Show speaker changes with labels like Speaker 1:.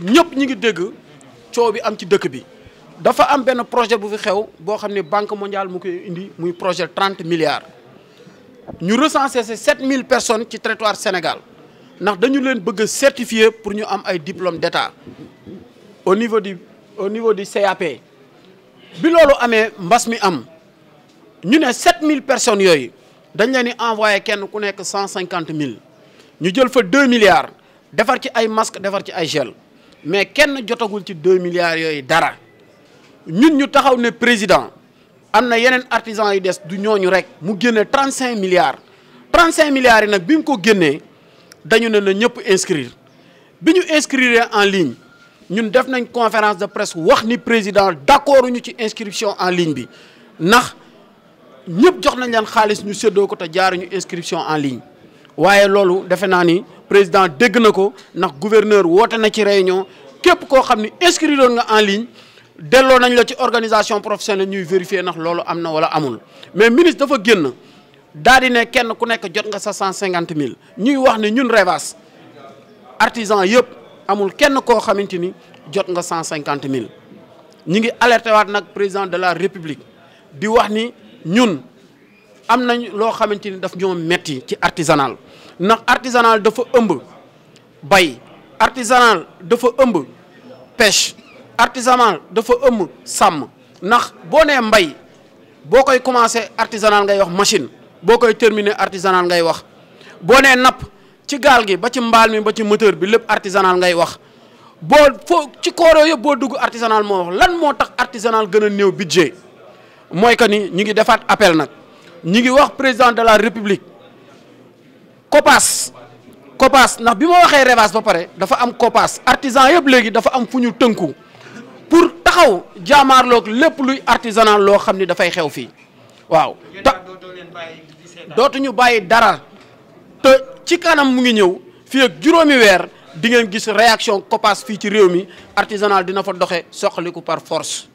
Speaker 1: ñëpp ñi ngi dégg coow bi am ci dëkk bi dafa am benn projet bu fi xew boo xam ne banque mondiale mu koy indi muy projet trente milliards ñu recensé ces sept mille personnes ci territoire Sénégal ndax dañu leen bëgg a pour ñu am ay diplôme d'état au niveau du au niveau du CAP bi loolu amee mbas mi am ñu ne sept mille personnes yooyu dañ leen di envoyé kenn ku nekk cent cinquante mille ñu jël fa deux milliards defar ci ay masques defar ci ay gel mais kenn jotagul ci deux milliards yooyu dara ñun ñu taxaw ne président am na yeneen artisans yu des du ñooñu rek mu génne trente cinq milliards trente cinq milliards yi nag bi mu ko génnee dañu ne na ñëpp inscrire bi ñu inscrire en ligne ñun def nañ conférence de presse wax ni président d'accord ñu ci inscription en ligne bi ndax ñëpp jox nañ leen xaalis ñu séddoo ko te jaaruñu inscription en ligne waaye loolu defe naa ni président dégg na ko ndax gouverneur woote na ci réunion képp koo xam ni inscrit doon nga en ligne delloo nañ la ci organisation professionnelle ñuy vérifier ndax loolu am na wala amul mais ministre dafa génn daal di ne kenn ku nekk jot nga sa cent cinquante mille ñuy wax ne ñun Revaas artisan yëpp amul kenn koo xamante ni jot nga cent cinquante mille ñi ngi alerté waat nag président de la république di wax ni ñun am nañ loo xamante ni daf ñoo metti ci artisanal ndax artisanal dafa ëmb bay artisanal dafa ëmb pêche artisanal dafa ëmb sàmm ndax boo nee mbay boo koy commencé artisanal ngay wax machine boo koy terminer artisanal ngay wax boo nee napp ci gaal gi ba ci mbaal mi ba ci moteur bi lépp artisanal ngay wax boo foo ci kooroo yëpp boo dugg artisanal moo wax lan moo tax artisanal gën a néew bi budget mooy que ni ñu ngi defaat appel nag ñi ngi wax président de la république COPAS COPAS ndax bi ma waxee REVAS ba pare dafa am COPAS artisan yëpp léegi dafa am fu ñu tënku pour taxaw jaamaarloog lépp luy artisanal loo xam ni dafay xew fii waaw ta dootuñu bàyyi dara te ci kanam mu ngi ñëw fii ak juróomi weer di ngeen gis réaction COPAS fii ci réew mi artisanal dina fa doxe ko par force